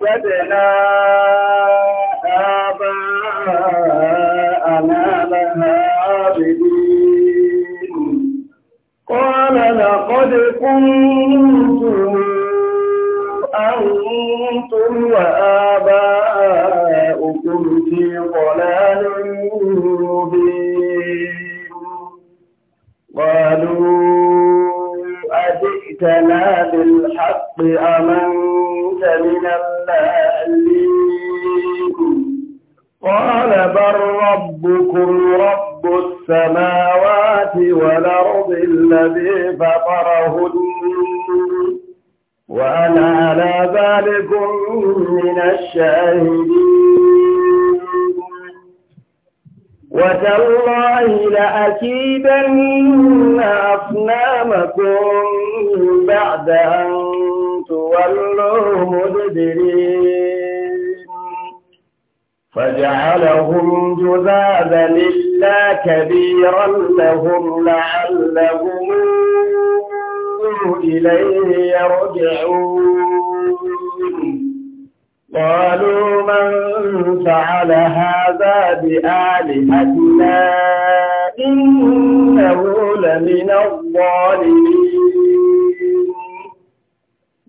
وجدنا آباءنا لها عابدين قال لقد كنتم أنتم وآباؤكم في ضلال مبين قالوا أجئتنا بالحق أمنت من قال بل ربكم رب السماوات والأرض الذي فطرهن وأنا على ذلك من الشاهدين وتالله لأكيدن أصنامكم بعد أن تولوا مدبرين فجعلهم جذاذا إلا كبيرا لهم لعلهم إليه يرجعون قالوا من فعل هذا بآلهتنا إنه لمن الظالمين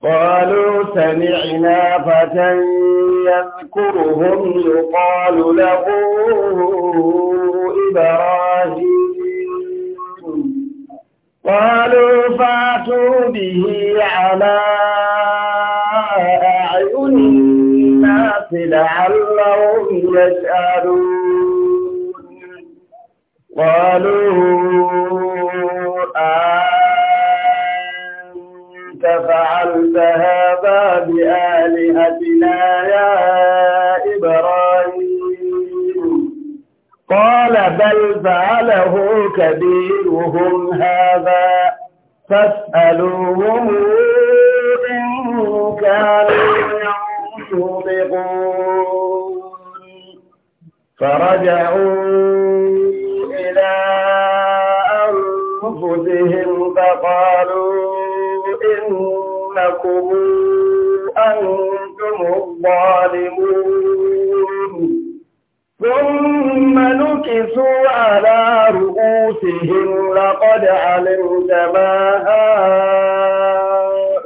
قالوا سمعنا فتى يذكرهم يقال له إبراهيم قالوا فاتوا به على أعين الناس لعلهم يسألون قالوا فعلت هذا بآلهتنا يا إبراهيم قال بل فعله كبيرهم هذا فاسألوهم إن كانوا يصدقون فرجعوا إلى أنفسهم فقالوا إن أنكم أنتم الظالمون ثم نكسوا على رؤوسهم لقد علمت ما هؤلاء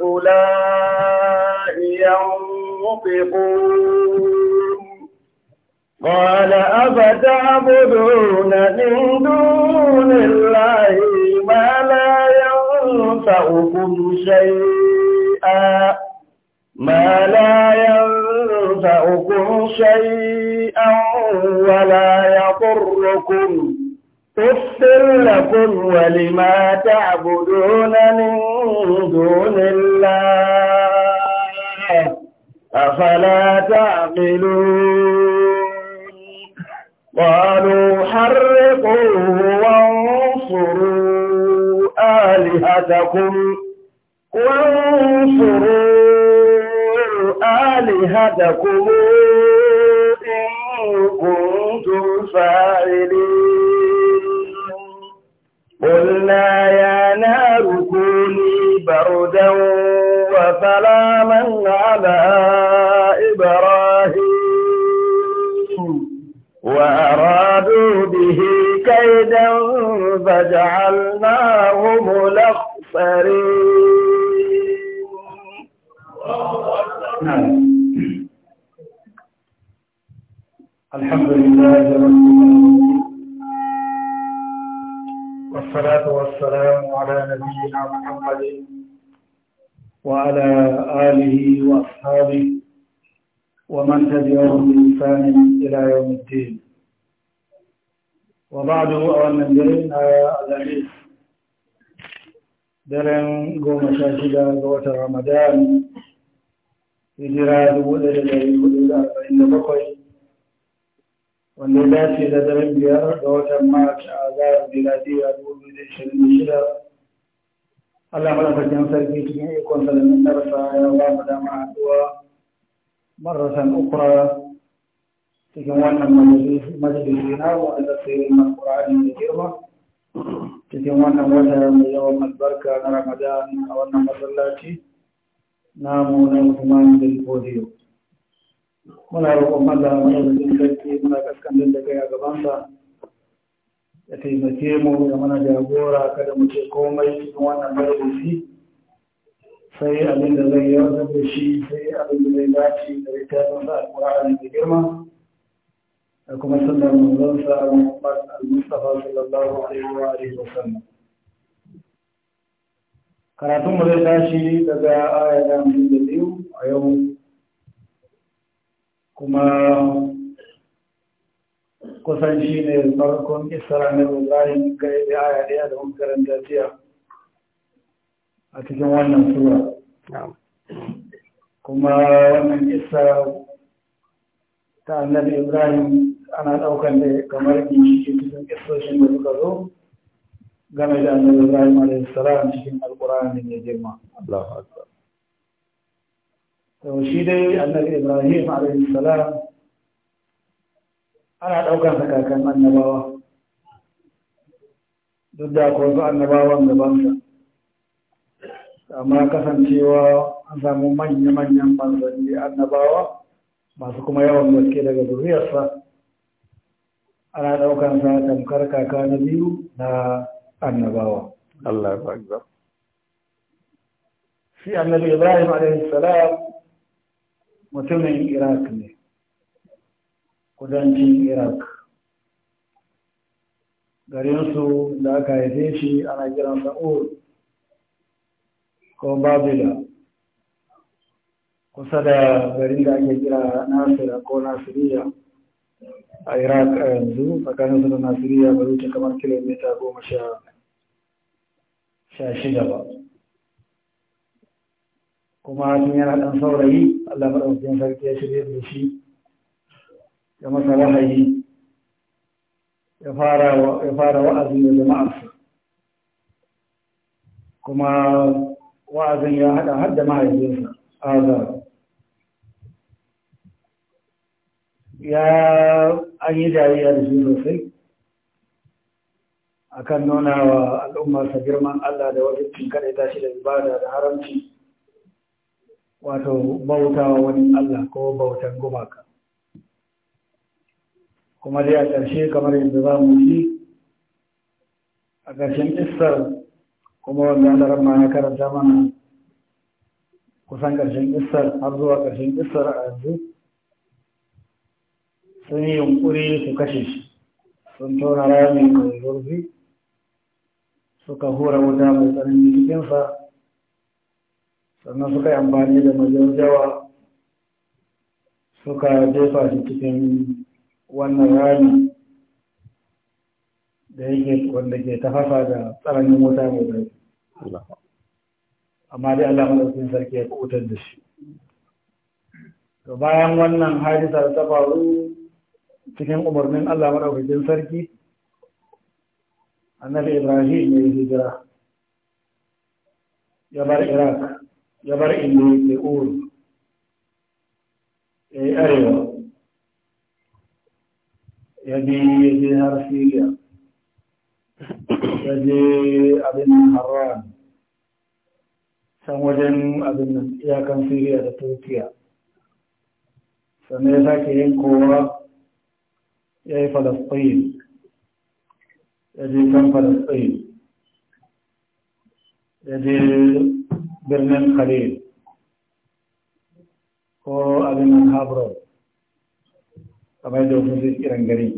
ينطقون قال أفتعبدون من دون الله ما لا ينفعكم شيئا ما لا ينفعكم شيئا ولا يضركم أفر لكم ولما تعبدون من دون الله أفلا تعقلون قالوا حرقوه وانصروا آلهتكم وانصروا آلهتكم إن كنتم فاعلين قلنا يا نار كوني بردا وسلاما على إبراهيم وأرادوا به كيدا فجعلناهم الأخسرين نعم الحمد لله رب العالمين والصلاة والسلام على نبينا محمد وعلى آله وأصحابه ومن تبعهم بإحسان إلى يوم الدين وبعد أن ندرنا الحديث daren قوم sha قوة رمضان hijira dubu ɗaya da ɗari hudu da arba'in da bakwai wanda ya dace da daren biyar ga watan mac a zarar miladiya dubu biyu da ishirin da shida Allah madaukakin sarki cikin ikon salamin darasa ya ba mu dama haɗuwa marasan ukura cikin wannan majalisi na wa da tsirin alƙur'ani da girma cikin wannan wata mai yawan albarka na ramadan a wannan masallaci namu na Usman bin Fodiyo. Muna roƙon Allah mai yanzu sarki muna kaskantar da kai a gabansa ya taimake mu da mana jagora kada mu ce komai cikin wannan majalisi sai abin da zai yawatar da shi sai abin da zai dace da littafin sa a da girma da kuma sannan sallar manzon sa al-Mustafa sallallahu alaihi wa wa sallam. karatun mu zai tashi daga aya da da biyu a yau kuma kusan shi ne farkon isra na ibrahim ga da aya daya da karanta jiya a cikin wannan sura kuma wannan isra ta annabi ibrahim ana ɗaukar da kamar gishi cikin isoshin da suka zo game da annabi Ibrahim a.s. cikin ne mai girma Allahu akbar to shi dai annabi Ibrahim a.s. ana daukar sa kakan annabawa duk da akwai wasu annabawan sa, amma kasancewa an samu manya-manyan manzanni annabawa masu kuma yawan gaske daga zuriyarsa ana ɗaukansa sa tamkar kaka na biyu na annabawa Allah ya akbar shi annabi Ibrahim alaihi mutumin Iraq ne kudancin Iraq garinsu da aka haife shi ana kiran sa'ur ko babila kusa da garin da ake kira nasira ko nasiriya a iraq a yanzu tsakanin su da nasiriya ba wuce kamar kilomita goma sha sha shida ba kuma tun yana ɗan saurayi Allah maɗaukakin sarki ya shirya da shi ya masa wahayi ya fara wa'azin da jama'arsa kuma wa'azin ya haɗa har da mahaifinsa azar ya an yi jariya da shi sosai akan nuna wa al'ummarsa girman Allah da wajen kada ta shi da ibada da haramci wato bautawa wani Allah ko bautan gumaka kuma dai a ƙarshe kamar yadda za mu ji a ƙarshen isar kuma wanda adaran ma ya karanta mana kusan ƙarshen isar har zuwa ƙarshen isar a yanzu sun yi yunƙuri su kashe shi sun tona rami mai zurfi suka hura wuta mai tsanani cikinsa sannan suka yi amfani da majarjawa suka jefa shi cikin wannan rami da yake wanda ke tafasa da tsananin wuta mai zafi amma dai Allah madaukakin sarki ya kutar da shi to bayan wannan hadisa da ta faru cikin umarnin Allah madaukakin sarki النبي إبراهيم للهجرة يبر إراك يبر إني لأول أي أريو يدي يدي هرفيليا يدي أبن حران سموجن أبن إياكم فيليا لتوكيا سميزا كينكوا يا فلسطين ya je kan falasɗin birnin khalil ko abinan habro kamar da wasu kiran gari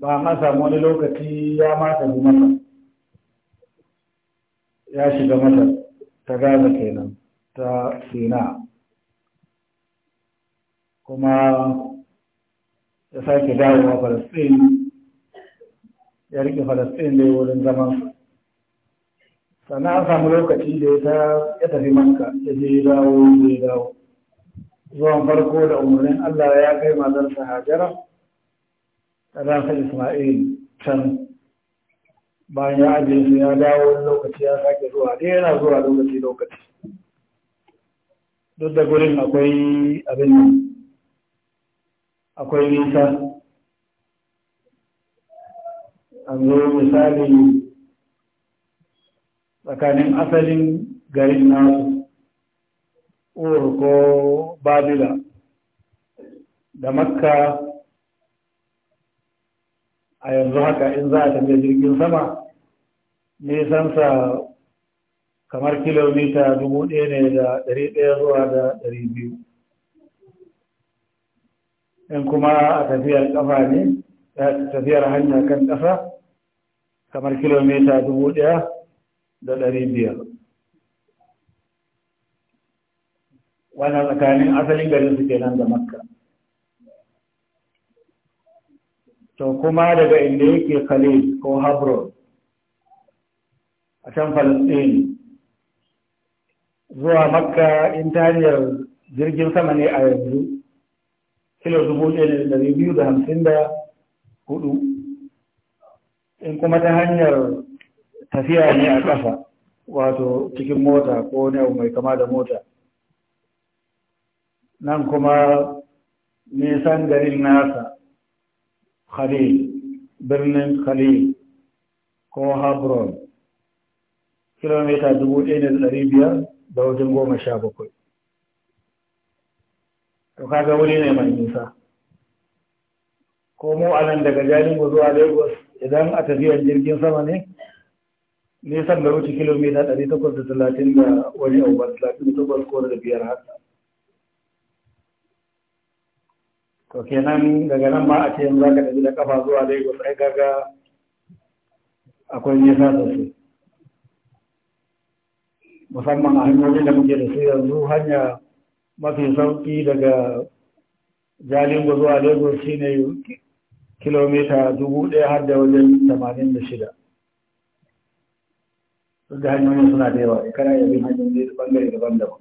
ba a samu wani lokaci ya mata masa ya shiga masa ta gaza kenan ta sina kuma ya sake dawowa falastin ya rike falastin da wurin zaman sannan an samu lokaci da ya tafi maka, ya je dawo ya dawo zuwan farko da umarnin allah ya kai matarsa hajara ta zafi isma'il can bayan ya ajiye su ya dawo lokaci ya sake zuwa dai yana zuwa lokaci lokaci duk da gurin akwai abin akwai nisa an misali tsakanin asalin garin nasu ur ko babila da makka a yanzu haka in za a tafiya jirgin sama nisansa kamar kilomita dubu ɗaya ne da ɗari ɗaya zuwa da ɗari biyu in kuma a tafiyar ƙafa ne tafiyar hanya kan ƙasa kamar kilomita dubu ɗaya da ɗari biyar wannan tsakanin asalin garin su nan da makka to kuma daga inda yake khalid ko Habro a can falasɗin zuwa makka in hanyar jirgin sama ne a yanzu kilo dubu ɗaya da ɗari biyu da hamsin da hudu in kuma ta hanyar tafiya ne a ƙasa wato cikin mota ko ne abu mai kama da mota nan kuma nisan garin nasa khalil birnin khalil ko habron kilomita dubu ɗaya da ɗari biyar da wajen goma sha bakwai to kaga wuri ne mai nisa ko mu anan daga jalingo zuwa lagos idan a tafiyar jirgin sama ne nisan da wuce kilomita 830 da wani abubuwa 38 ko da biyar haka to kenan daga nan ma a ce yanzu zaka tafi da kafa zuwa lagos sai gaga akwai nisa sosai musamman a hanyoyin da muke da su yanzu hanya mafi sauki daga jalingo zuwa lagos shine kilomita dubu ɗaya har da wajen tamanin da shida duk da hanyoyin suna da yawa kana iya bin ya bangare daban-daban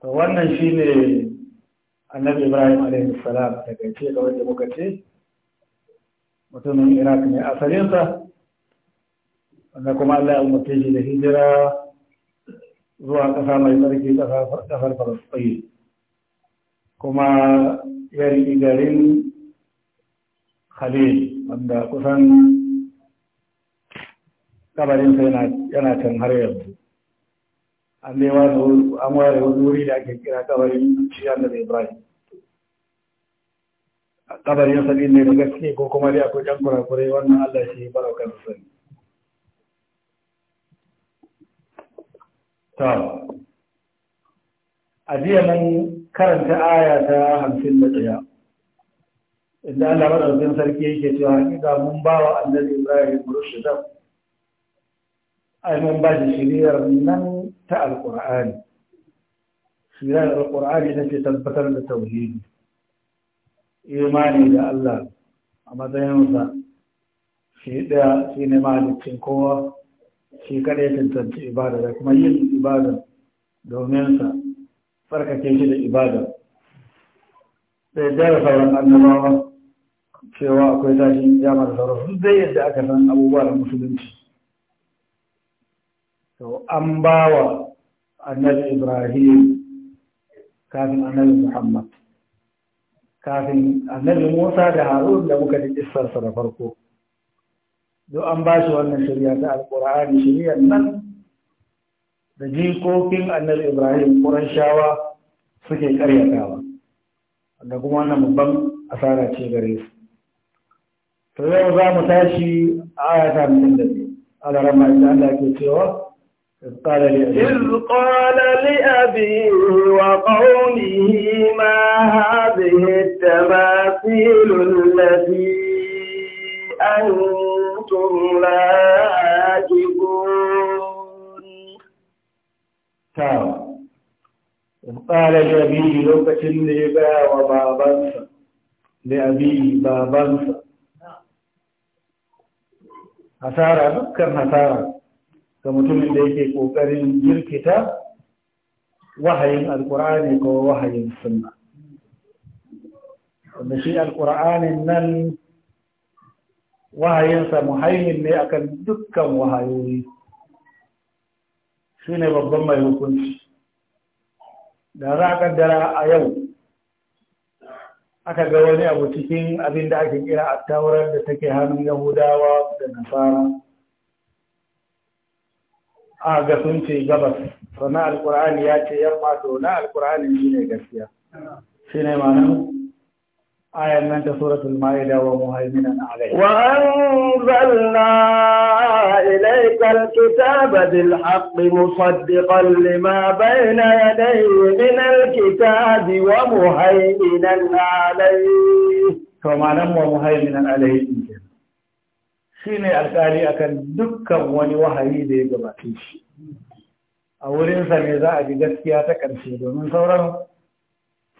to wannan shi ne annabi ibrahim alaihi salam daga ce ga wanda muka ce mutumin iraq ne asalinsa wanda kuma allah ya umarce shi da hijira zuwa ƙasa mai tsarki ƙasar falasɗin kuma ya riƙi khalil wanda kusan kabarinsa yana can har yanzu an ware wani wuri da ake kira kabarin shi da ibrahim kabarin sani ne da gaske ko kuma dai akwai yan kurakurai wannan Allah shi barokan sani. a jiya mun karanta aya ta hamsin da ɗaya inda Allah maɗaukin sarki yake cewa hakika mun ba wa annabi Ibrahim Rushdam ai mun ba shi shiriyar nan ta alƙur'ani shiriyar alƙur'ani na ke tabbatar da tauhidi imani da Allah a matsayinsa shi ɗaya shi ne mahalicin kowa shi kaɗai tantance ibada da kuma yin ibada domin sa tsarkake shi da ibada da ya da sauran annabawa cewa akwai tashin kiyama da sauransu duk yadda aka san abubuwa da musulunci to an ba wa annabi ibrahim kafin annabi muhammad kafin annabi musa da harun da muka ji da farko Do an ba shi wannan shirya ta alkur'ani shirya nan da jikokin annabi ibrahim shawa suke karyatawa da kuma wannan babban asara ce gare su to yau za mu tashi a ayata mutum da biyu a da ita Allah ke cewa إذ قال لأبيه وقومه ƙarar yabi lokacin da ya gaya wa babansa da yabi babansa hasara dukkan hasara ga mutumin da yake ƙoƙarin jirkita wahayin alƙur'ani ko wahayin sunna wanda shi alƙur'anin nan wahayinsa muhaimin ne akan dukkan wahayoyi shi ne babban mai hukunci da za a kaddara a yau aka ga wani abu cikin abin da ake kira a taurar da take hannun yahudawa da nasara a ga sun ce gabas sannan alkur'ani ya ce yamma to na alkur'ani ne gaskiya shi ne ma'anar آية من سورة المائدة ومهيمنا عليه وأنزلنا إليك الكتاب بالحق مصدقا لما بين يديه من الكتاب ومهيمنا عليه كما نم ومهيمنا عليه shine alƙali akan dukkan wani wahayi da ya gabace shi a wurinsa ne za a ji gaskiya ta ƙarshe domin sauran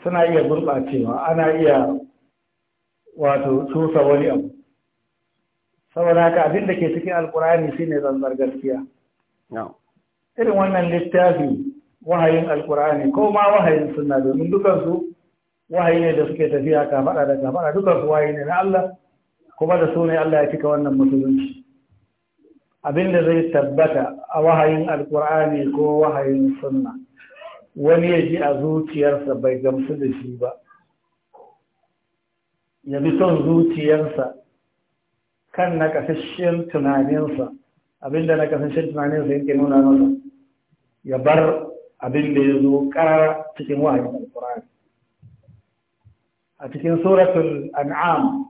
suna iya gurɓacewa ana iya wato tsosa wani abu saboda haka abin da ke cikin alkur'ani shine zanzar gaskiya irin wannan littafi wahayin alkur'ani ko ma wahayin sunna domin dukansu wahayi ne da suke tafiya kafaɗa da kafaɗa dukansu wahayi ne na Allah kuma da su ne Allah ya cika wannan musulunci abin da zai tabbata a wahayin alkur'ani ko wahayin sunna wani ya ji a zuciyarsa bai gamsu da shi ba ya bi son zuciyarsa kan na kasashen tunaninsa abinda na kasashen tunaninsa yake nuna masa ya bar abin da ya zo karara cikin wahayin alkur'ani a cikin suratul an'am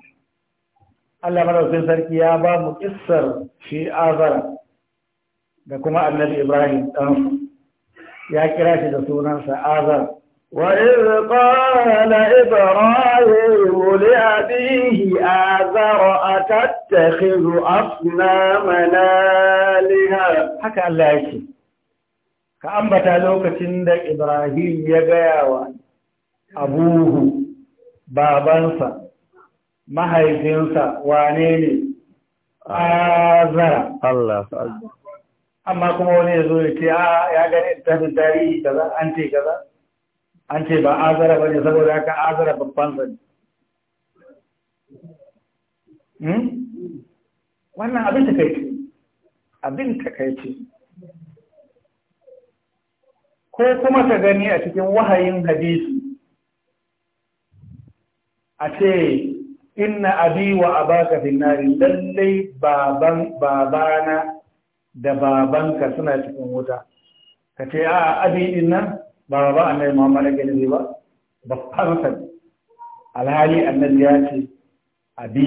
Allah madaukakin sarki ya ba mu kissar shi azara da kuma annabi ibrahim ɗansu ya kira shi da sunansa azara وإذ قال إبراهيم لأبيه آذر أتتخذ أصناما آلهة حكى lokacin da Ibrahim ya gaya wa Abuhu. babansa mahaifinsa wane ne azara amma kuma wani ya zo ya ce ya gani tafi tarihi kaza an an ce ba azara ba ne saboda haka azara babban zane hmm? wannan abin ta kai abin ta kai ko kuma ka gani a cikin wahayin hadisi a ce inna abi wa abaka finnari lallai baban babana da babanka suna cikin wuta ka ce a abi din ba ba annabi Muhammad ne ba ba farka alhali annabi ya ce abi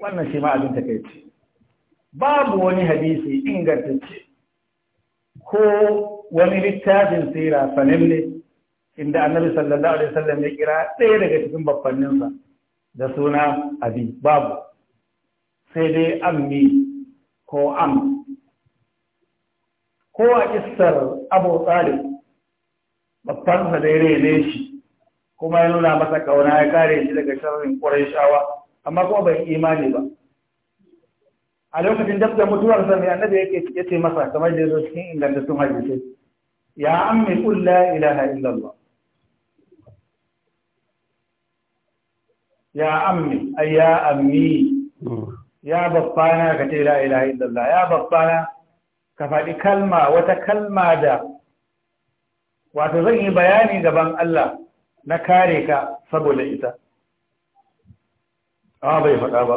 wannan shi ma abin ce. babu wani hadisi ingantacce ko wani littafin sira ne, inda annabi sallallahu alaihi wasallam ya kira ɗaya daga cikin babbanninsa da suna abi babu sai dai ammi ko am ko a kissar abu talib babbansa da ya rene shi kuma ya nuna masa kauna ya kare shi daga sharrin ƙwarai shawa, amma kuma bai imani ba a lokacin dab da mutuwar sa mai annabi yake yace masa kamar da yazo cikin ingantattun hadisi ya ammi qul la ilaha illallah ya ammi ay ya ammi ya babbana ka ce la ilaha illallah ya babbana ka faɗi kalma wata kalma da wato zan yi bayani gaban Allah na kare ka saboda ita amma bai faɗa ba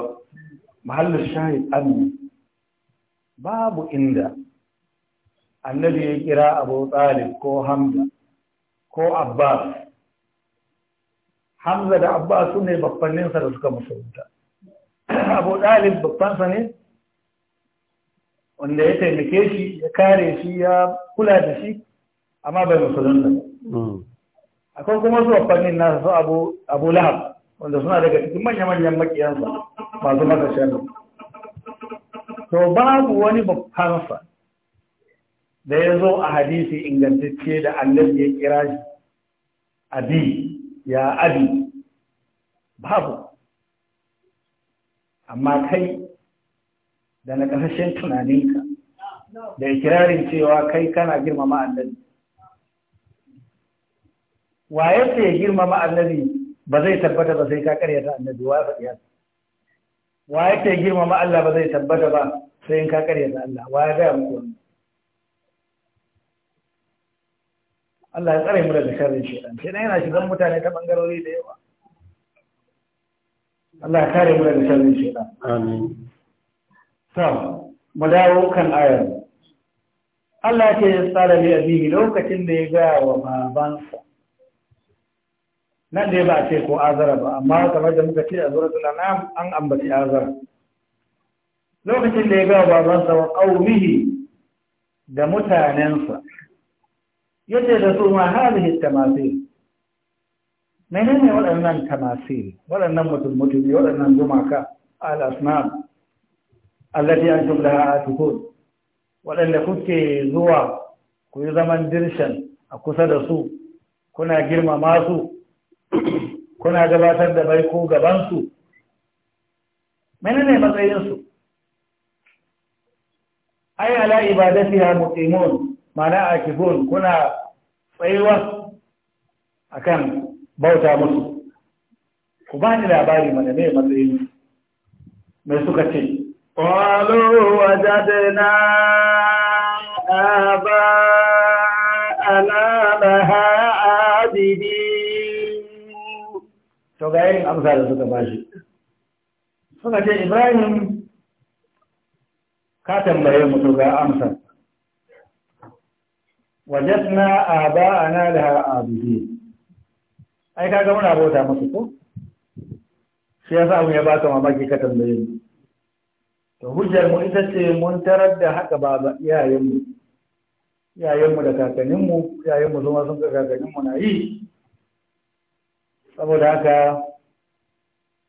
mahallin shahid annu babu inda annabi ya kira abu talib ko hamza ko abbas hamza da abbas su ne babbanninsa da suka musulunta abu talib babbansa ne wanda ya taimake shi ya kare shi ya kula da shi amma bai musulun musulunta hmm. akwai kuma zuwa fannin nasa su abu lahab wanda suna daga cikin manya-manyan makiyansa masu masa shanu to babu wani babbansa da ya zo a hadisi ingantacce da allar ya kira shi abi ya abi babu amma kai da na tunaninka da ikirarin cewa kai kana girmama annabi wa yace ya girmama annabi ba zai tabbata ba sai ka karyata annabi wa faɗi haka wa yace ya girmama Allah ba zai tabbata ba sai in ka karyata Allah wa ya gaya muku wannan Allah ya tsare mu daga sharrin shaitan shaitan yana shigan mutane ta bangarori da yawa Allah ya kare mu daga sharrin shaitan amin to mu dawo kan ayar Allah ce ya tsara ne abihi lokacin da ya ga wa babansa nan dai ba a ce ko azara ba amma kamar da muka ce a suratul na an ambaci azara lokacin da ya gawa babansa wa ƙaumihi da mutanensa Ya ce da su ma hadhihi tamasil menene waɗannan yi, waɗannan mutum mutumi waɗannan gumaka al asnam an antum laha tukun. waɗanda kuke zuwa ku yi zaman dirshan a kusa da su kuna girmama su kuna gabatar da baiko gabansu menene matsayinsu ai ala ibadatiha muqimun mana akifun kuna tsayuwa akan bauta musu ku ba labari mana ne matsayin mai suka ce qalu wajadna aba ana laha adidi to ga yin amsa da suka bashi Suna ce ibrahim ka tambaye mu to ga amsa wajadna aba'ana laha abidin ai ga muna bauta musu ko shi ya samu ya baka mamaki ka tambaye mu to hujjar mu ita ce mun tarar da haka ba ba iyayenmu. Iyayenmu da kakaninmu, iyayenmu zuma sun ga kakannin na yi saboda haka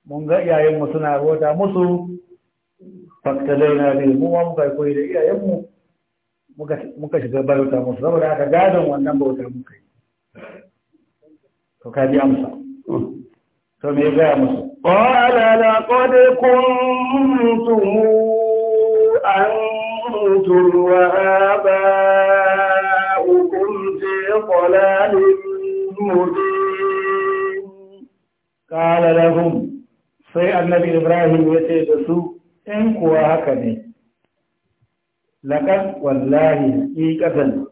mun ga iyayenmu suna rota musu faktalai na ne mu ma muka koyi da iyayenmu muka shiga bauta musu saboda haka gadon wannan bauta muka yi to ka bi amsa to me gaya musu qala laqad kuntum antum wa aba'ukum fi dhalalin mubin ƙala lahum sai annabi ibrahim ya ce da su 'Yan kuwa haka ne laƙar wallahi haƙiƙatan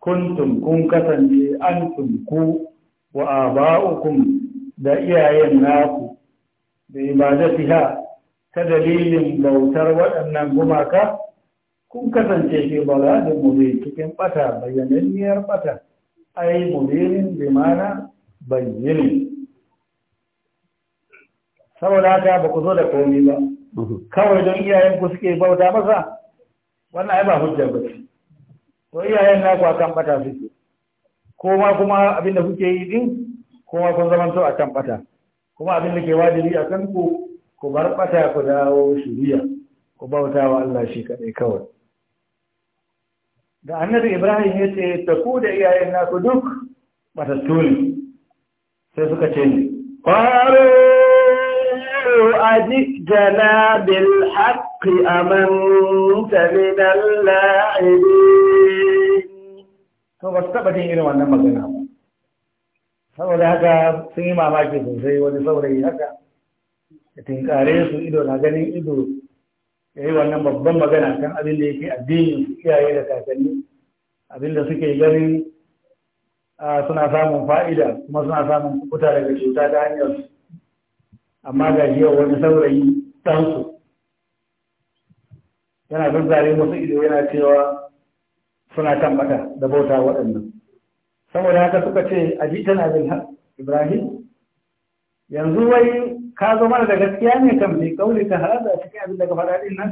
kuntum kun kasance an ku wa aba'ukum da iyayen naku da ibadatiha ta dalilin bautar waɗannan gumaka kun kasance ke bala da mube cikin ɓata bayyananniyar ɓata ai bai mana bayyane saboda haka ba ku zo da komi ba mhm. kawai don iyayen ku suke bauta masa wannan ai ba hujja ba ce to iyayen naku akan bata suke ko ma kuma abin da kuke yi din ko ma kun a akan bata kuma abin da ke wajibi a kan ku ku bar bata ku dawo shiriya ku bauta wa Allah shi kadai kawai da annabi Ibrahim ya ce ta ku da iyayen naku duk bata ne sai suka ce ne ƙwaro أجئتنا بالحق أمنت من اللاعبين Sau ba su taɓa jin wannan magana haka sun yi mamaki sosai wani saurayi haka Da tinkare su ido na ganin ido ya yi wannan babban magana kan abin da yake addini su kiyaye da kakanni abin da suke ganin suna samun fa'ida kuma suna samun kuta daga cuta ta hanyar amma ga shi wani saurayi ɗansu yana zare musu ido yana cewa suna tambata da bauta waɗannan saboda haka suka ce a ji tana bin ibrahim yanzu wai ka zo mana da gaskiya ne kam mai kauli ka hada a cikin abin daga ka faɗa ɗin nan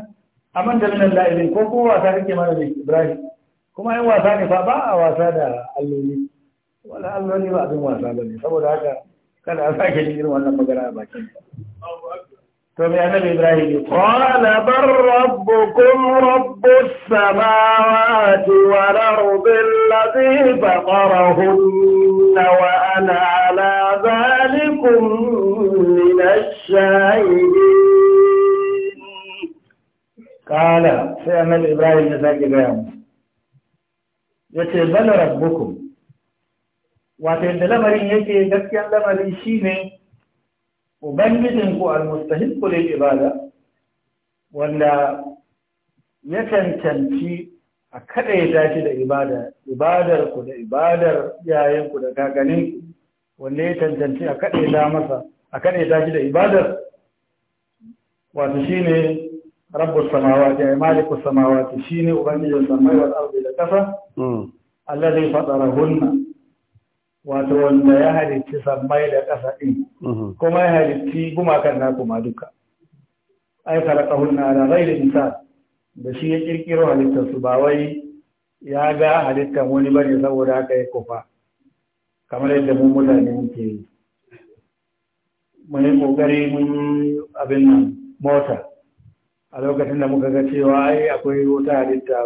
amma da nan la'ilin ko kuma wasa kake mana da ibrahim kuma yin wasa ne fa ba a wasa da alloli wala alloli ba abin wasa ba ne saboda haka قال أباك إبراهيم قال بل ربكم رب السماوات والأرض الذي فطرهن وأنا على ذلكم من الشاهدين قال سيعمل إبراهيم نساك بيعمل يتبل ربكم wato yadda lamarin yake gaskiyar lamarin shi ne ubangijinku almustahil kulil ibada wanda ya cancanci a kada ya tashi da ibada ibadar ku da ibadar ku da kakaninku wanda ya cancanci a kada ya masa a kada ya tashi da ibadar wato shine rabbus samawati ay malikus samawati shine ubangijin samai wal ardi da kasa hmm. alladhi fatarahunna wato wanda ya halitti sammai da ƙasa ɗin mhm. kuma ya halitti gumakan na kuma duka ai kalakahun na da ghairi misal da shi ya kirkiro halittar su ba wai ya ga halittar wani bane saboda haka ya kofa kamar yadda mu mutane muke yi mun yi kokari mun abin mota a lokacin da muka ga cewa ai akwai wata halitta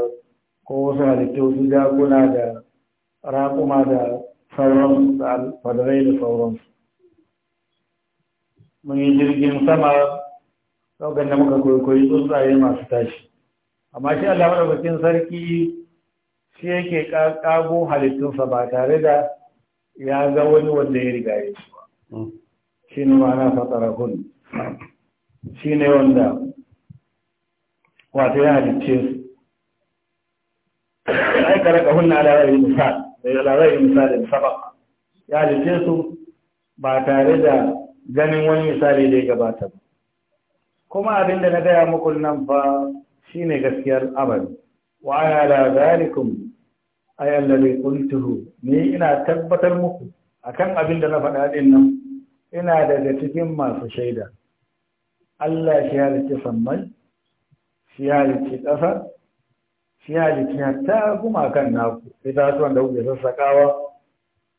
ko wasu halittu su jakuna da raƙuma da sauran fadarai da sauransu mun yi jirgin sama saukan da muka kwaikwayi tsuntsaye masu tashi amma shi allah maɗaukakin sarki shi yake ƙago halittunsa ba tare da ya ga wani wanda ya riga ya shi ba hmm. shi ne ma'ana fatarahun shi ne wanda wato ya halicce su ai karaka hunna ala ra'ayi misal daga eh, larai misalin sabak ya halice su ba tare da ganin wani misali da ya gabata ba kuma abin da na gaya muku nan fa shine gaskiyar abari wa da zalikun ayan da kuntuhu ne ina tabbatar muku akan abin da na faɗa ɗin nan ina daga cikin masu shaida Allah shi halicci sammai shi halicci ƙasa shi halittu ta gumakan naku itatuwan da kuke sassakawa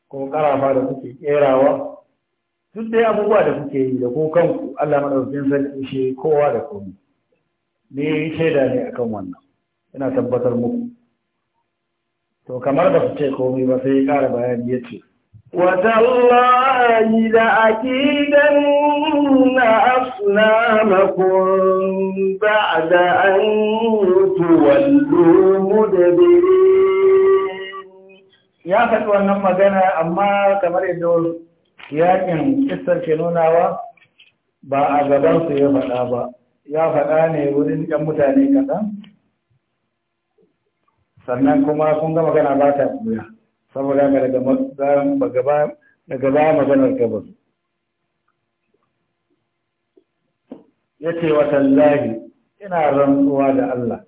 ko karafa da kuke kerawa duk dai abubuwa da kuke yi da ko kanku Allah madaukakin sarki shi kowa da komai ne shaida ne akan wannan ina tabbatar muku to kamar ba su ce komai ba sai ya kara bayani ya ce وَتَاللَّهِ لَأَكِيدَنَّ أَصْنَامَكُمْ بَعْدَ أَن تُوَلُّوا مُدْبِرِينَ Ya faɗi wannan magana amma kamar yadda yakin ƙistar ke nunawa ba a gabansu ya faɗa ba, ya faɗa ne wurin 'yan mutane kaɗan? Sannan kuma kun ga magana ba ta ɓuya. saboda mai daga baya maganar gabas ya ce wa tallahi ina rantsuwa da Allah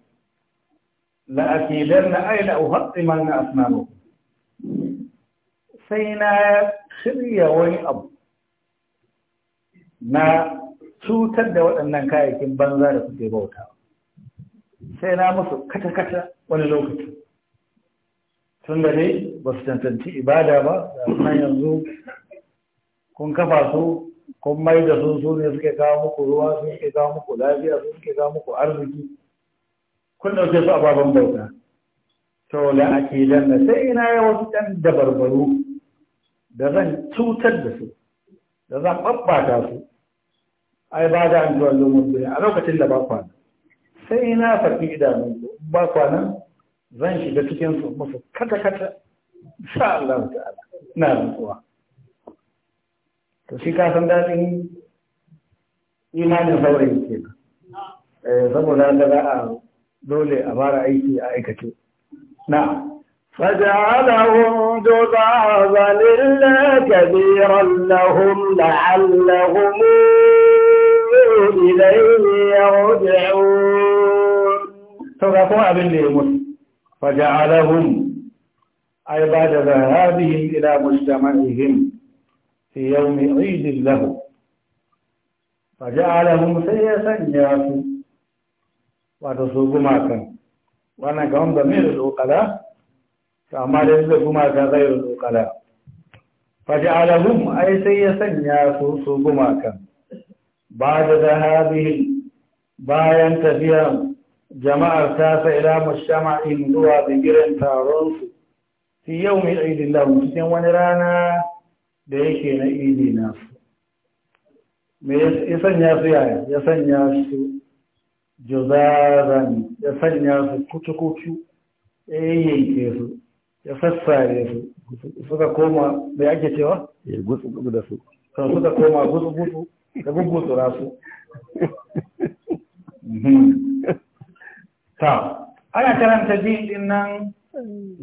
don na aina uhaɗiman na asnanu sai na shirya wani abu na cutar da waɗannan kayayyakin banza da suke bauta sai na musu kata-kata wani lokaci tun da dai ba su cancanci ibada ba da yanzu kun kafa su kun mai da sun su ne suke kawo muku ruwa sun suke kawo muku lafiya sun suke kawo muku arziki kun dauke su ababen bauta to la ake da sai ina ya wasu ɗan dabarbaru da zan cutar da su da zan ɓaɓɓata su ai ba da an zuwa lomar a lokacin da ba kwana sai ina faɗi idanun ba kwanan zan shiga cikin su musu kata kata sha Allah ta'ala ina rantsuwa to shi ka san dadin imanin saurayi ke eh saboda da za a dole a fara aiki a aikace na فجعله جذابا إلا كبيرا لهم لعلهم إليه يرجعون to ga kuma abin da فجعلهم أي بعد ذهابهم إلى مجتمعهم في يوم عيد له فجعلهم سيسا ياسو وتصوب معك وانا كهم ضمير الوقلاء كما ليس معك غير الوقلاء فجعلهم أي سيسا ياسو صوب معك بعد ذهابهم باين تفيهم jama'ar ta sa ila mushama'in zuwa bigiren taron su fi yau mai idin lahun cikin wani rana da yake na idi nasu me ya sanya su yaya ya sanya su jozazan ya sanya su kutukutu ya yayyanke su ya sassare su suka koma da ake cewa? ya gutsu da su kan suka koma gutsu-gutsu da gutsu rasu ta ana karanta ji din nan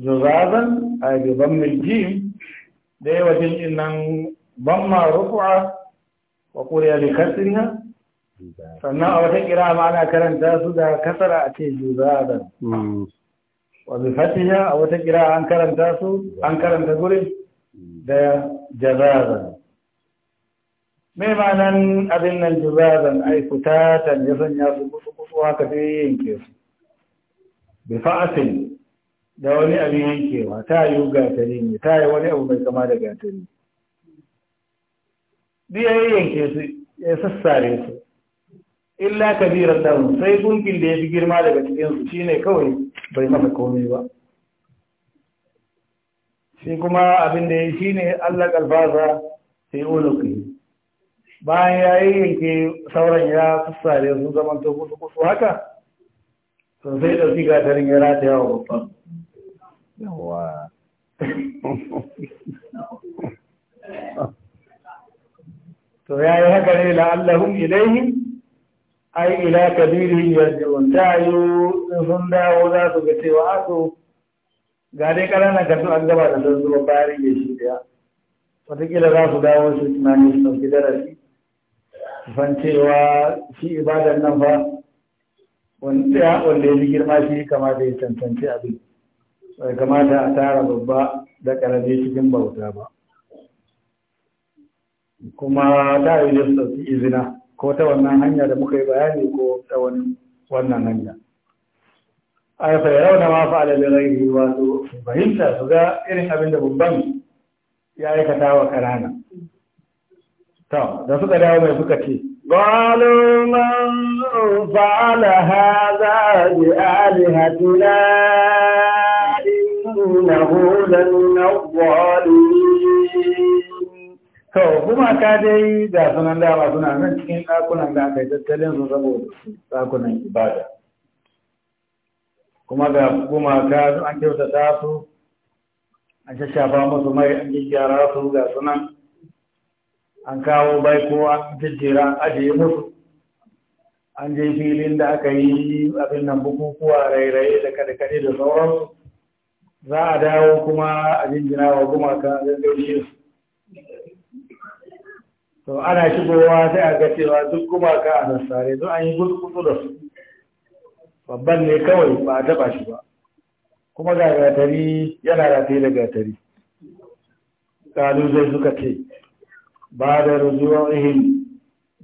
zuzazan a gaban mai jim da yawa jim din nan ban ma rufu'a wa kuriya da kasriya sannan a wata kira ma ana karanta su da kasara a ce zuzazan hmm. wa bi fatiha a wata kira an karanta su an karanta gurin da jazazan mai ma nan abin nan jazazan ai fitatan ya sanya su kusu kusu haka sai yanke su bi fa'asin da wani abin yankewa ta yi gatari ne ta yi wani abu mai kama da gatari biya yanke su ya sassare su illa kabirar lahum sai gunkin da ya fi girma daga cikinsu shi ne kawai bai masa komai ba shi kuma abin da ya shi ne allah kalfasa sai ulukai bayan ya yi yanke sauran ya sassare sun zamanto kusa kusa haka Sosai sai ɗauki gatarin ya ta wa babban yawa to ya yi haka ne la'allahun ilaihi ai ila kabirin yarjiun ta yi sun dawo za su ga cewa aso ga dai ƙananan kasu an gaba da sun zuwa bayan ya shi daya wataƙila za su dawo su tunanin su ɗauki darasi san cewa shi ibadan nan ba wanda wanda ya ji girma shi kamata ya cancanci abin bai kamata a tara babba da ƙarami cikin bauta ba kuma ta yi da su izina ko ta wannan hanya da muka yi bayani ko ta wannan hanya yi fayar yarawna ma fa'ala bi ghairihi fahimta su ga irin abin da babban ya aikata wa karana to da suka dawo mai suka ce قالوا من فعل هذا بآلهتنا إنه لمن الظالمين To, kuma ka dai da sunan dama suna nan cikin ɗakunan da aka yi tattalin su saboda ɗakunan ibada. Kuma ga kuma ka an kyautata su, an shashafa musu mai an gyara su ga sunan an kawo bai ko an jejjera an ajiye musu an je filin da aka yi abin nan bukukuwa rairaye da kaɗe da sauransu za a dawo kuma a jinjina wa gumaka zai to ana shigowa sai a ga cewa duk gumaka a nassare duk an yi gudu da su babban ne kawai ba a taɓa shi ba kuma ga gatari yana rataye da gatari zai suka ce بعد رجوعهم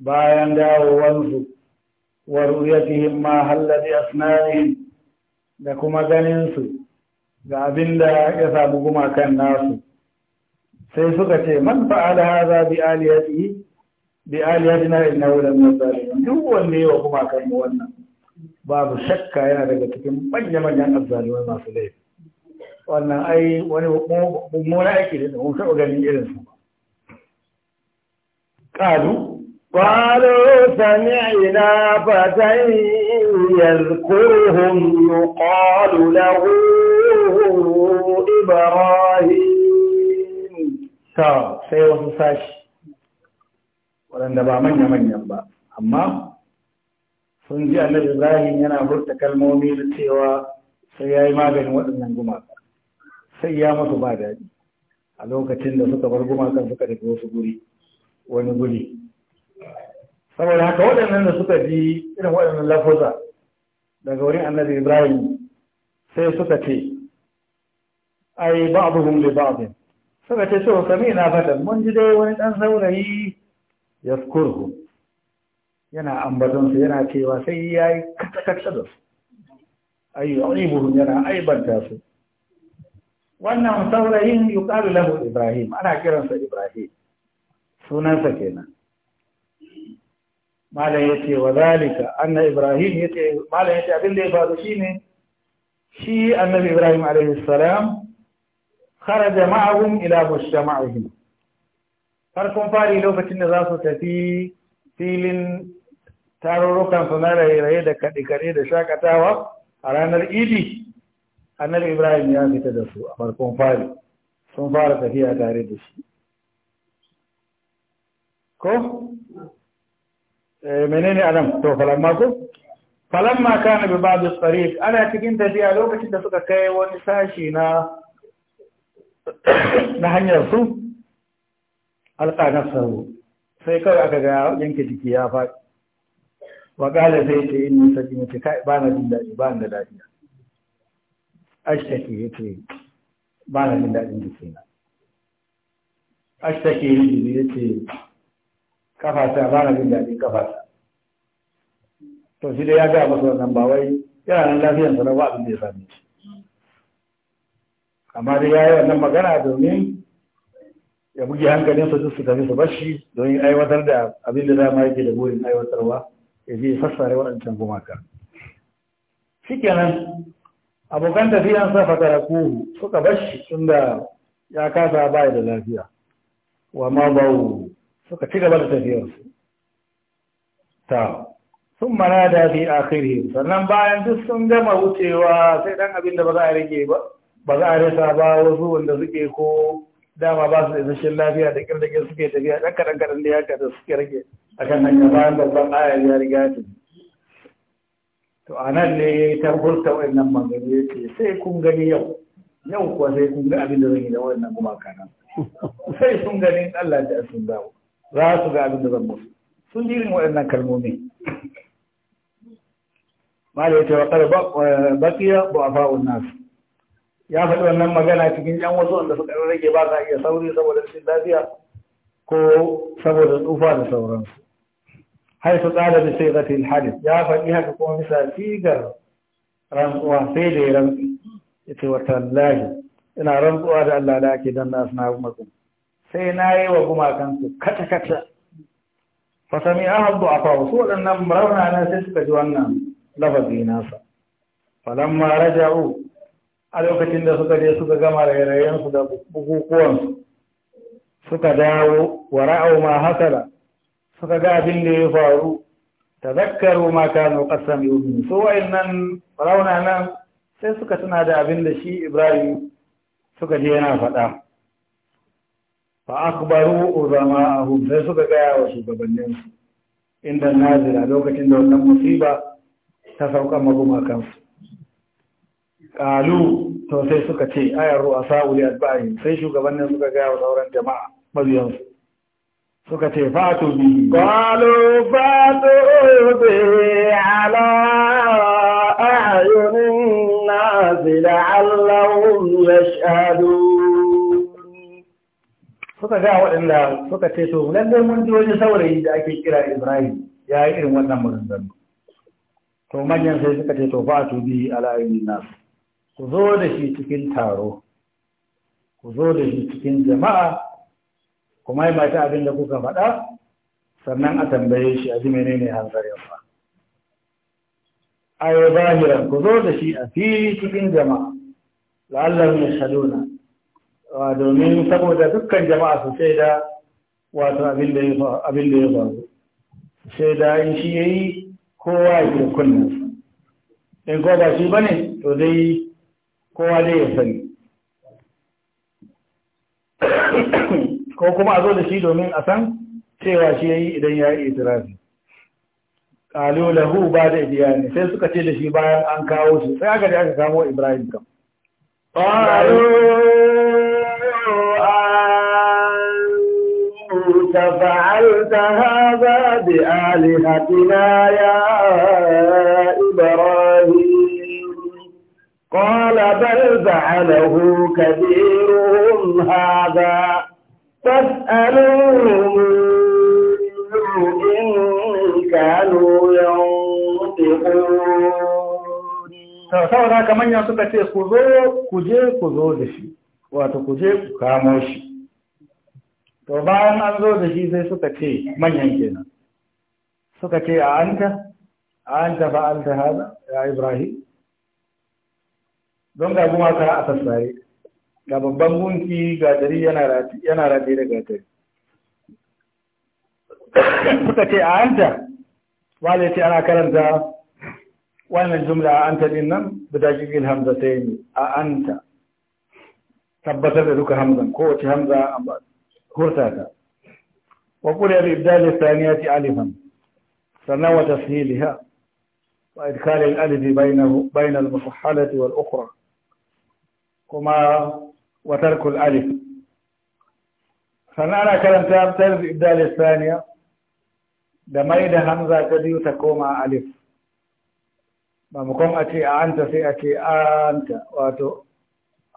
bayan dawowansu wa ru'yatihim ma halla bi da kuma ganinsu ga abinda ya samu gumakan nasu sai suka ce man fa'ala hadha bi aliyatihi bi aliyatina innahu lam duk wanne wa gumakan mu wannan babu shakka yana daga cikin manya manyan masu laifi wannan ai wani mummuna aiki ne da mun taɓa ganin irinsu ba قالوا قالوا سمعنا فتى يذكرهم يقال له إبراهيم تا سيوه ساشي waɗanda ba manya-manyan ba amma sun ji annabi ibrahim yana furta kalmomi da cewa sai ya yi maganin waɗannan gumaka sai ya musu ba daɗi a lokacin da suka bar gumakan suka tafi wasu guri wani guri saboda haka waɗannan da suka ji irin waɗannan lafuza daga wurin annabi ibrahim sai suka ce ai ba bai ba ba'd suka ce so sami na fata mun ji dai wani ɗan saurayi ya yaskurhu yana ambaton yana cewa sai yayi katakata da su ai yu'ibuhum yana aibanta su wannan saurayin yuqalu lahu ibrahim ana kiransa ibrahim sunansa kenan malam ya ce wa zalika anna ibrahim ya ce malam ya ce abin da ya faru shi annabi ibrahim alaihi salam kharaja ma'ahum ila mustama'ihim farkon fari lokacin da za su tafi filin tarurrukan su na raye-raye da kaɗe-kaɗe da shakatawa a ranar idi annabi ibrahim ya fita da su a farkon fari sun fara tafiya tare da shi ko eh, menene adam to falamma ko falamma kana bi ba'd as-sariq ana cikin tafiya lokacin da suka kai wani sashi na na hanyar su alqa nafsahu sai kawai aka ga yanke jiki ya faɗi wa qala sai ce inni sajinu ce kai ba na jin daɗi ba na daɗi ashtaki yace ba na jin daɗin jikina ashtaki yace ta ba na jin daɗin ta. to shi dai ya gaya masa wannan ba wai yana nan lafiyar sa na ba abin da ya same shi amma dai ya yi wannan magana domin ya buge hankalin su su tafi su bashi domin aiwatar da abin da dama yake da burin aiwatarwa ya je sassare waɗancan gumaka shikenan abokan tafiyan sa fatara kuhu suka bashi tunda ya kasa ba da lafiya wa ma bawu suka ci gaba da tafiyarsu ta sun mana da a akhiri sannan bayan duk sun gama wucewa sai dan abin da ba za a rage ba ba za a rasa ba wasu wanda suke ko dama ba su da isasshen lafiya da kirkirkin suke tafiya ɗan kaɗan kaɗan da ya da suke rage a kan hanya bayan babban ayar ya riga ta to a nan ne ya yi ta hurta wa'annan magana ya ce sai kun gani yau yau kuwa sai kun ga abin da zan yi da wa'annan kuma nan sai sun gani Allah da sun dawo za su ga abin da zan musu sun ji waɗannan kalmomi mala ya ce wa kar baqiya du'afa'un nas ya faɗi wannan magana cikin yan wasu wanda suka rage ba za iya sauri saboda cikin lafiya ko saboda tsufa da sauransu hai su tsara da sai zata hadis ya faɗi haka kuma bisa sigar rantsuwa sai da ya rantsu. ya ce wa tallahi ina rantsuwa da Allah da ake dan na asna makum sai na yi wa gumakansu kata-kata fasami an habbu a fawo su waɗannan raunana sai suka ji wannan lafazi nasa falon ma raja'u a lokacin da suka je suka gama rairayensu da bukukuwansu suka dawo wa ra'au ma hasala suka ga abin da ya faru ta zakkaru ma kanu kasam yumin su wa'annan raunanan sai suka tuna da abin da shi ibrahim suka je yana faɗa fa akbaru uzama'ahum sai suka gaya wa shugabannin inda nazira lokacin da wannan musiba ta sauka magumakan kalu to sai suka ce ayar ru'asa uli adba'i sai shugabannin suka gaya wa sauran jama'a mabiyan suka ce fatu bi qalu fatu bi ala a'yunin nazila allahu yashadu suka ga waɗanda suka ce to lalle mun ji wani saurayi da ake kira Ibrahim ya yi irin wannan maganganu to manyan sai suka ce to fa su bi ala nas ku zo da shi cikin taro ku zo da shi cikin jama'a kuma yi mata abin da kuka faɗa sannan a tambaye shi a ji menene hanzarin fa ayo zahiran ku zo da shi a fili cikin jama'a la'allahu yashhaduna domin saboda dukkan jama'a su shaida wato abin da ya faru shaida in shi ya yi kowa ya ke kunna in ko ba shi ba ne to dai kowa dai ya sani ko kuma a zo da shi domin a san cewa shi ya yi idan ya yi itirafi ƙalu lahu ba da ne sai suka ce da shi bayan an kawo shi sai aka da aka samo ibrahim kam ƙalu أنت فعلت هذا بآلهتنا يا إبراهيم قال بل فعله كبيرهم هذا فاسألوهم إن كانوا ينطقون saboda haka manya suka ce ku zo ku je ku zo da shi wato ku je ku kamo shi to bayan an zo da shi sai suka ce manyan kenan suka ce a anta a anta fa'alta hada ya ibrahim don ga kuma ka a sassare ga babban gunki ga dari yana rati yana rati da gatari suka ce a anta wale ce ana karanta wannan jumla a anta din nan bi sai ne a anta tabbatar da duka hamzan kowace hamza an ba su. هرتاتا وقرئ بإبدال الثانية ألفا فنوى تسهيلها وإدخال الألف بينه بين المصحلة والأخرى كما وترك الألف فأنا كلام تابتر إبدال الثانية دميد همزة تديو تكوم ألف ممكن أتي أنت في أتي أنت وأتو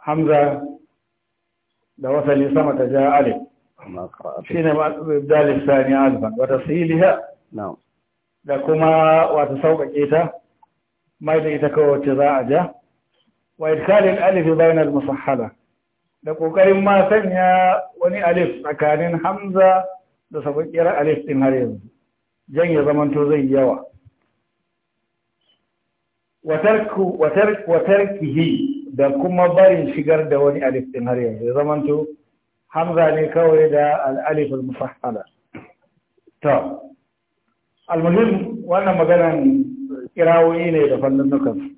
همزة da wasali جاء ألف shine ma dalil sani alba wa tasiliha na'am da kuma wata sauƙaƙe ta mai da ita kowace za a ja wa idkalin alif bayan al-musahhala da ƙoƙarin ma sanya wani alif tsakanin hamza da sabaƙiyar alif ɗin har yanzu jan ya zamanto zai yawa watarkihi da kuma barin shigar da wani alif ɗin har yanzu ya zamanto hamza ne kawai da al'alif mufahala mufahhala to almuhim wannan maganan kirawoyi ne da fannin nukan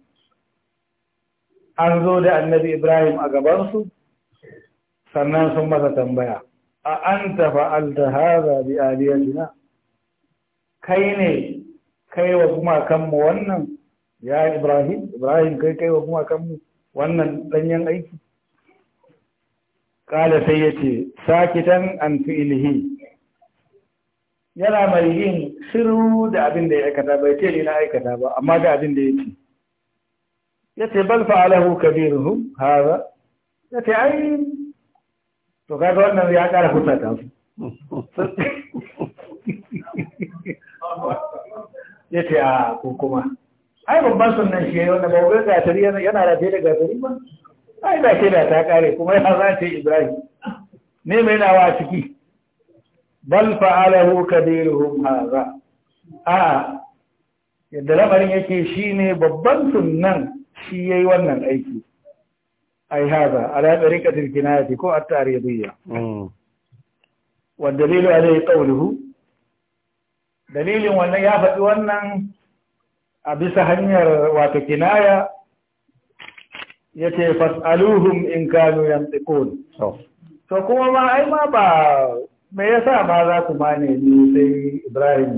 an zo da annabi ibrahim a gabansu sannan sun masa tambaya a an tafa altahaza bi aliyatina kai ne kai wa gumakanmu wannan ya ibrahim ibrahim kai kai wa gumakanmu wannan ɗanyen aiki ƙala sai ya ce sakitan an fi'ilihi yana mai yin shiru da abin da ya aikata bai ce ni na aikata ba amma ga abin da ya ce ya ce bal Alahu Kabiru." haza ya ce ai to kaga wannan ya ƙara hutata su ya ce a ko kuma ai babban sunan shi wanda ba ga gatari yana rafe da gasari ba ai da ke da ta kare kuma ya za ta ibrahim ne mai nawa ciki bal fa'alahu kabiruhum hadha a yadda lamarin yake shine babban sunnan shi yayi wannan aiki ai hadha ala tariqatil kinayati ko at-tariyadiyya mm. wa dalilu alayhi qawluhu dalilin wannan ya faɗi wannan a bisa hanyar wato kinaya Yake fas'aluhum in kanu yantiqun to kuma ma ai ma ba me yasa ma za ku ma ni sai Ibrahim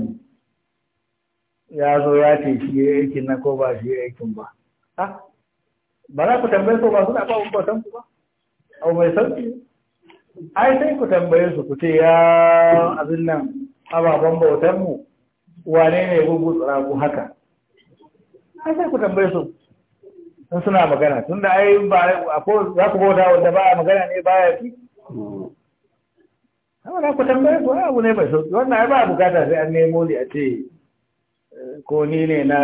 ya zo ya ce shi ya aikin na ko ba shi ya aikin ba ba za ku tambaye ko ba suna ba bautan ku ba au mai sauki ai sai ku tambaye su ku ce ya abin nan ababen bautan mu wane ne gugu tsara ku haka ai sai ku tambaye su sun suna magana tun da ai ba akwai za ku bauta wanda ba magana ne ba ya fi amma na ku tambaye ko abu ne mai sauki wannan ai ba bukata sai an nemo ne a ce eh, ko ni ne na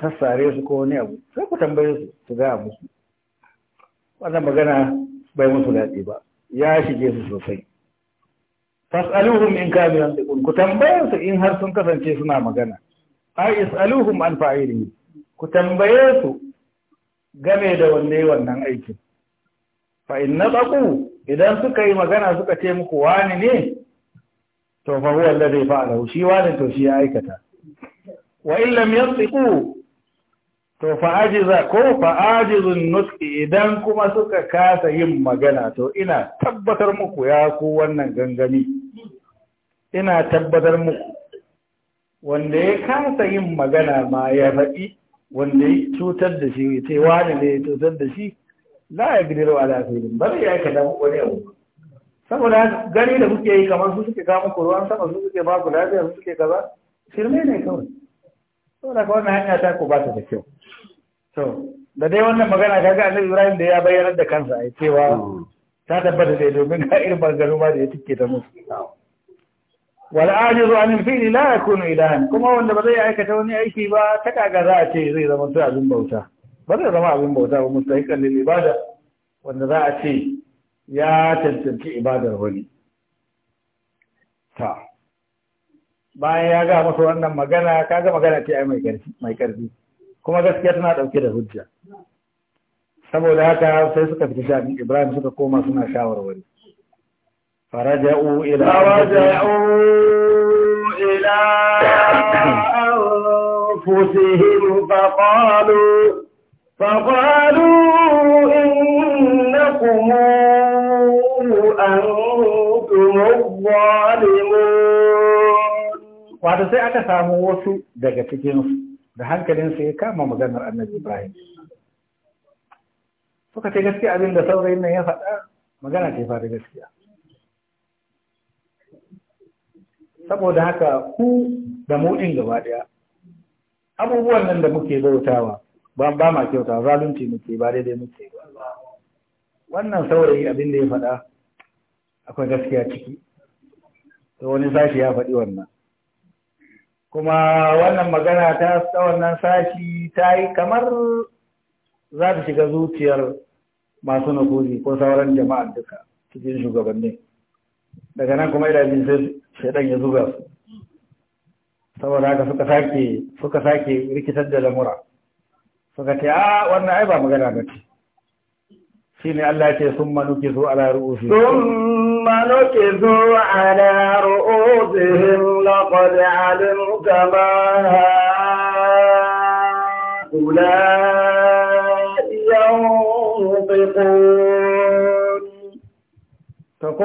sassare su ko ni abu sai ku tambaye su su gaya musu wannan magana bai musu daɗi ba ya shige su sosai fas'aluhum in kanu yantiqun ku tambaye su in har sun kasance suna magana ai is'aluhum an fa'ilihi ku tambaye su game da wanne wannan aikin fa in na naqu idan suka yi magana suka ce muku wani ne to fa huwa zai fa'ala shi wani to shi ya aikata wa in lam yantiqu to fa ajiza ko fa ajizun nutqi idan kuma suka kasa yin magana to ina tabbatar muku ya ku wannan gangami ina tabbatar muku wanda ya kasa yin magana ma ya faɗi wanda ya cutar da shi sai wani ne ya cutar da shi a ya gidir wa ala filin ba zai aikata muku wani abu saboda gani da kuke yi kamar su suke kama ku ruwan sama su suke ba ku lafiya su suke kaza shirme ne kawai saboda ka wannan hanya ta ku ba ta da kyau to da dai wannan magana ga annabi Ibrahim da ya bayyana da kansa yi, cewa ta tabbata dai domin ga irin ma da ya tike ta musu wal’ajiz zuwa min fili la ya kunu idan kuma wanda ba zai aikata wani aiki ba ta kaga za a ce zai zama ta abin bauta ba zai zama abin bauta ba musta hikar lil ibada wanda za a ce ya cancanci ibadar wani ta bayan ya ga masa wannan magana kaga magana ce ai mai karfi kuma gaskiya tana ɗauke da hujja saboda haka sai suka fita shafin ibrahim suka koma suna shawarwari فرجعوا إلى أنفسهم فقالوا فقالوا إنكم أنتم الظالمون wato sai aka samu wasu daga cikinsu da ya kama maganar annabi Ibrahim. Suka ce gaskiya abin da saurayin nan ya faɗa magana ce fa da gaskiya. saboda haka ku da mu gaba ɗaya abubuwan nan da muke bautawa ba ba ma kyauta zalunci muke ba daidai muke ba wannan saurayi abin da ya faɗa akwai gaskiya ciki to wani sashi ya faɗi wannan kuma wannan magana ta wannan sashi ta yi kamar za ta shiga zuciyar masu nufuri ko sauran jama'a duka cikin shugabannin daga nan kuma idanun sai shaidan ya zuga su saboda haka suka sake suka sake rikitar da lamura suka ce a wannan ai ba magana ba ce shi ne Allah ce sun manuke su ala ru'usi sun manuke su ala ru'usi laqad alimta ma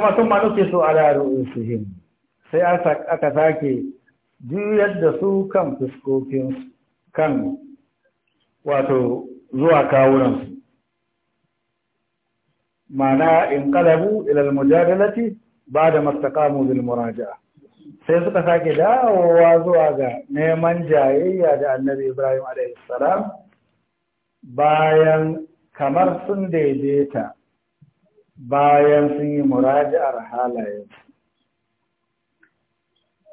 kuma sun ma nuke su ala ru'usihim sai aka sake juyar da su kan fuskokin kan wato zuwa kawunansu ma'ana in kalabu ilal mujadalati ba da mastakamu bil muraja'a sai suka sake dawowa zuwa ga neman jayayya da annabi ibrahim a.s. bayan kamar sun daidaita bayan sun yi muraja'ar halayen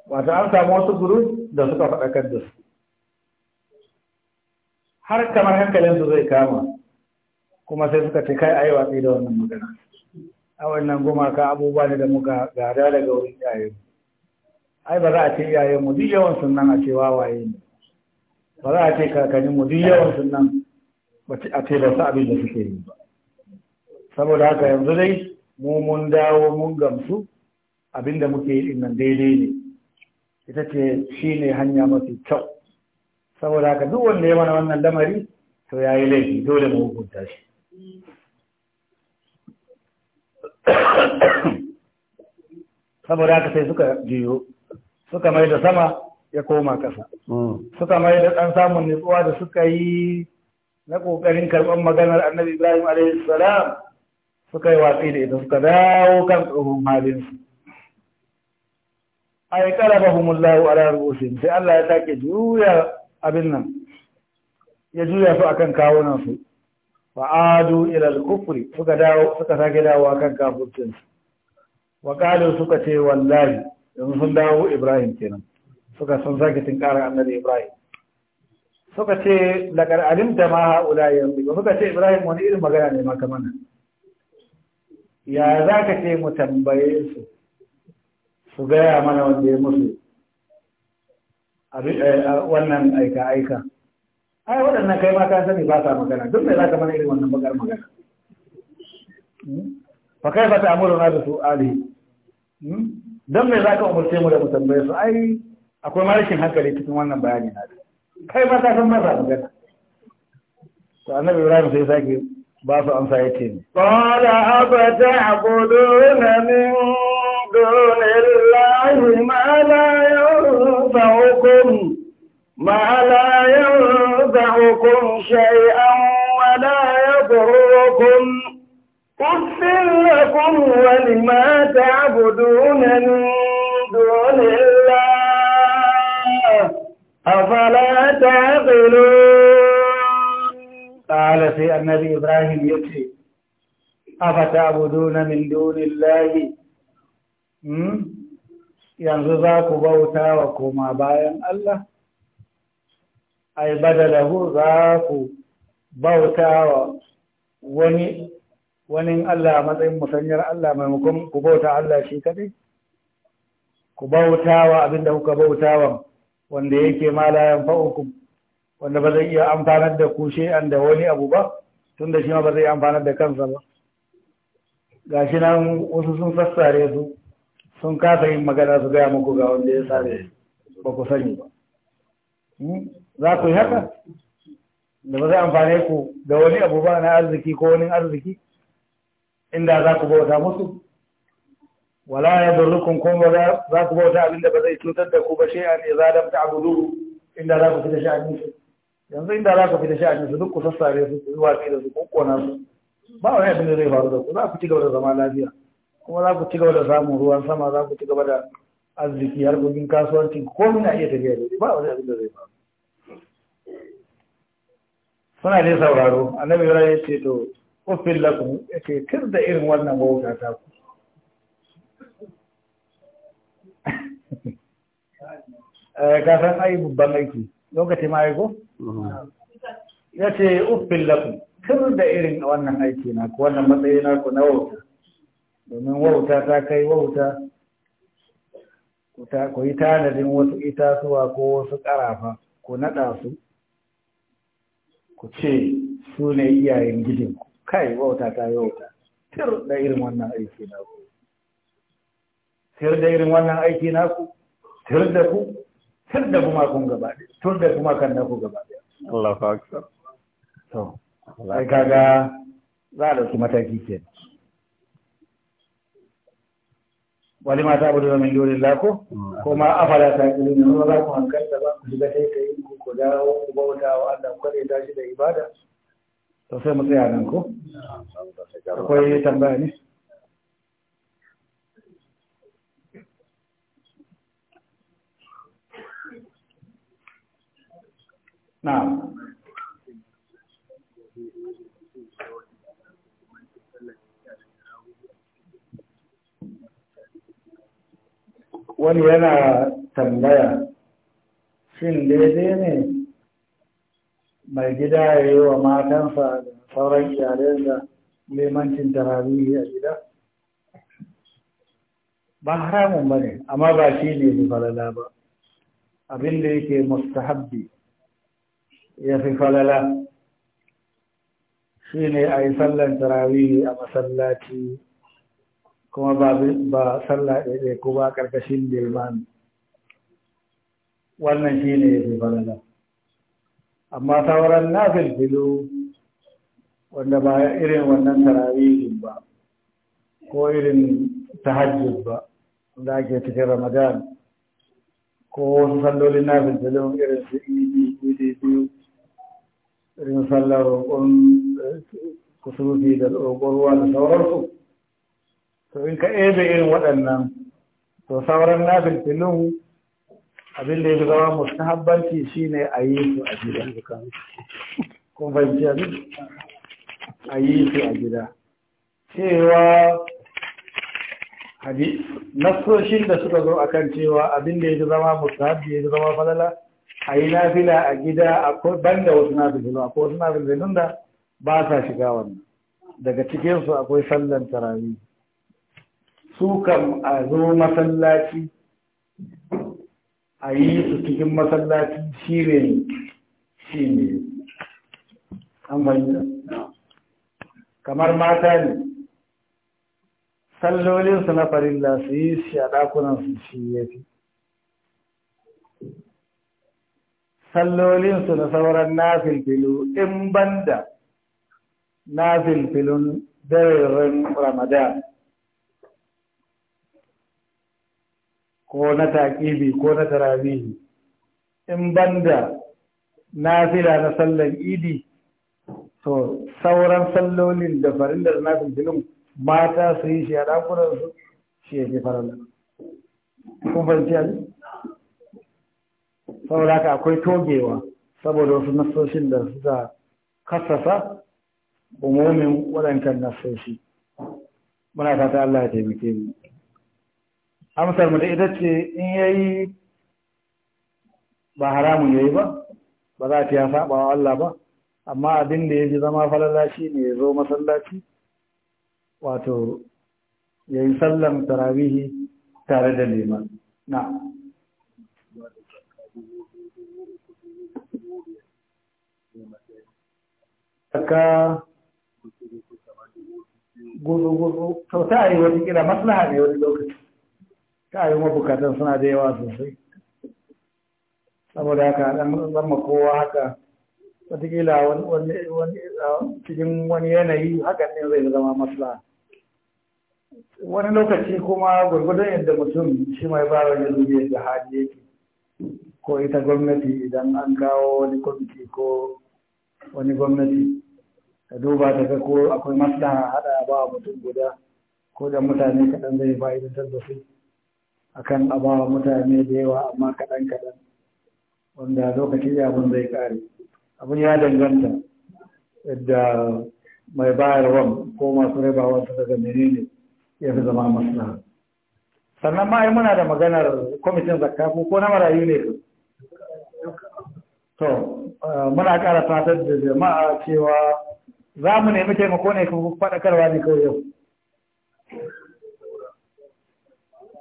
wata an samu wasu guru da suka faɗakar da su har kamar hankalinsu zai kama kuma sai suka ce kai a yi watsi da wannan magana a wannan gumaka abubuwa ne da muka gada daga wurin iyayenmu ai ba za a ce mu duk yawan sunan a ce wawaye ne ba za a ce kakanninmu duk yawan sunan a ce ba su abin da suke yi ba saboda haka yanzu dai mu mun dawo mun gamsu abinda muke yi nan daidai ne ita ce shi ne hanya mafi kyau saboda haka duk wanda ya mana wannan lamari to ya yi laifi dole mu hukunta shi saboda haka sai suka jiyo suka mai da sama ya koma ƙasa hmm. suka mai da ɗan samun nutsuwa da suka yi na ƙoƙarin karɓar maganar annabi ibrahim A.S. suka yi watsi da ita suka dawo kan tsohon halinsu ai a ala ru'usihim sai Allah ya sake juya abin nan ya juya su akan kawunan su wa adu ilal kufuri suka dawo suka sake dawo akan kafircin su wa suka ce wallahi yanzu sun dawo Ibrahim kenan suka sun sake tinkara annabi Ibrahim suka ce laqad alimta ma haula yanzu suka ce Ibrahim wani irin magana ne ma kamar nan ya za ka ce mu tambaye su su gaya mana wanda ya musu eh, wannan aika-aika ai waɗannan kai ma ka sani ba sa magana duk mai za ka mana irin wannan bakar magana hmm? fa kai ba ta amuru na da su ali hmm? don mai za ka umarce mu da mu tambaye su ai akwai marashin hankali cikin wannan bayani na kai ma ta san ba sa magana to annabi ibrahim sai sake ba su amsa ya ce qala afata'buduna min dunillahi ma la yanfa'ukum ma la yanfa'ukum shay'an wa la yadurrukum kufir lakum wa lima ta'buduna min dunillahi afala ta'qilun ƙala sai annabi ibrahim ya ce afata abuduna min dunillahi yanzu za ku bauta wa koma bayan Allah ai da badalahu za ku bauta wa wani wani Allah matsayin musanyar Allah maimakon ku bauta Allah shi kadai ku bauta wa abinda kuka bauta wa wanda yake malayan la wanda ba zai iya amfanar da kushe an da wani abu ba tun da shi ma ba zai amfanar da kansa ba Ga shi nan wasu sun sassare su sun kasa yin magana su gaya muku ga wanda ya sare ba ku sani ba hmm? za ku yi haka da ba zai amfane ku da wani abu ba na arziki ko wani arziki inda za ku bauta musu wala ya kun ba za ku bauta abinda ba zai cutar da ku ba shi'an idza lam ta'budu inda za ku fi da shi yanzu inda za ka fita sha'anin su duk ku sassare su ku yi watsi da su ko kona su ba wani abin da zai faru da ku za ku ci gaba da zama lafiya kuma za ku ci gaba da samun ruwan sama za ku ci gaba da arziki harkokin kasuwancin ko na iya tafiya da ba wani abin da zai faru suna ne sauraro annabi yana ya ce to uffin lakun ya ce tun da irin wannan wauta ta ku eh, ka san ai babban aiki lokacin ma aiko ya ce uffin lafi tun da irin wannan aiki na ku wannan matsayi na ku na wauta domin wauta ta kai wauta ku yi tanadin wasu itatuwa ko wasu ƙarafa ku naɗa su ku ce su ne iyayen ku. kai wauta ta yi wauta tir da irin wannan aiki na ku tir da irin wannan aiki na ku tir da ku tun kuma kan naku gaba Allah fa to sai kaga za a mataki ke wani mata abu da min dole lako mm. ko ma afala ta yi ne ba za ku hankalta ba ku shiga sai kai ku ku dawo ku bauta wa Allah ku kare tashi da ibada to sai mu tsaya nan ko akwai tambaya ne wani yana tambaya shin daidai ne mai gida ya yi wa matansa da sauran iyalai da limancin tarihi a gida ba haramun ba ne amma ba shi ne falala ba abin da yake mustahabbi ya fi falala shi ne a yi sallan tarawihi a masallaci kuma ba salla ɗaiɗe ko ba ƙarƙashin liman wannan shi ne ya fi falala amma sauran na filfilu wanda ba irin wannan tarawihi ba ko irin tahajjud ba wanda ake cikin ramadan ko wasu sallolin na filfilun irin su idi idi biyu irin sallar roƙon kusurfi da roƙon ruwa da sauransu to in ka ebe irin waɗannan to sauran na filin abin da ya fi zama mustahabbanci shine a yi su a gida kun fahimci abin a yi su a gida cewa nasoshin da suka zo akan cewa abin da ya fi zama mustahabbi ya fi zama falala a yi nafila a gida akwai ban da wasu nafilu akwai wasu nafilun da ba sa shiga wannan daga cikinsu akwai sallan tarawi su kam a zo masallaci a yi su cikin masallaci shi ne shi ne an fahimta kamar mata ne sallolinsu na farilla su yi shi a su shi ya fi sallolinsu na sauran nafilfilu in banda nafilfilun daren ramadan ko na taƙibi ko na tarabihi in banda nafila na sallan idi to sauran sallolin da farillar nafilfilun mata su yi shi a ɗakunansu shi ya ke farallar kun fahimci saboda haka akwai togewa saboda wasu nasoshin da suka kasasa umumin waɗancan nasoshi muna fata Allah ya taimake mu amsar mu da ita ce in yayi ba haramun yayi ba ba za ta ya saba Allah ba amma abin da ya zama falala shi ne ya zo masallaci wato yayi yi sallan tarawihi tare da liman. na'am daga gudu-gudu sau ta yi wani kira maslaha ne wani lokaci ta yi mabukatan suna da yawa sosai saboda haka dan zama kowa haka watakila cikin wani yanayi hakan ne zai zama maslaha wani lokaci kuma gwargwadon yadda mutum shi mai bara ya zube da hali yake ko ita gwamnati idan an kawo wani kwamiti ko wani gwamnati ka duba ta ga ko akwai maslaha hada ba mutum guda ko da mutane kaɗan zai fa'idantar da su akan a ba mutane da yawa amma kaɗan kaɗan wanda lokaci ya abin zai kare abin ya danganta yadda mai bayarwan ko masu rabawa su daga menene ya fi zama maslaha sannan ma muna da maganar kwamitin zakka ko na marayu ne to muna ƙara fatar da jama'a cewa za mu nemi taimako ne kuma faɗakarwa ne kawai yau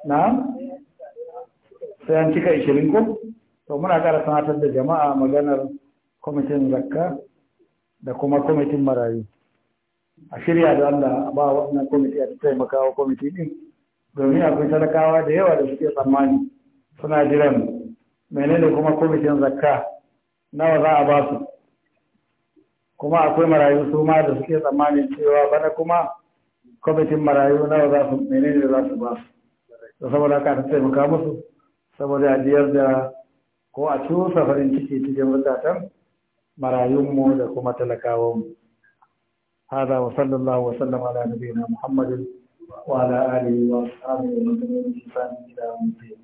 na sai an cika ishirin ko to muna ƙara fatar da jama'a maganar kwamitin zakka da kuma kwamitin marayu a shirya da wanda ba wannan kwamiti a cikin makawa kwamiti ɗin domin akwai talakawa da yawa da suke tsammani suna jiran menene kuma kwamitin zakka nawa za a ba su kuma akwai marayu su ma da suke tsammanin cewa bana kuma kwamitin marayu nawa za su menene za su ba su da saboda ka ta taimaka musu saboda ajiyar da ko a cusa farin ciki cikin marayun marayunmu da kuma talakawanmu هذا وصلى الله وسلم على نبينا محمد وعلى اله واصحابه ومن تبعهم الى يوم الدين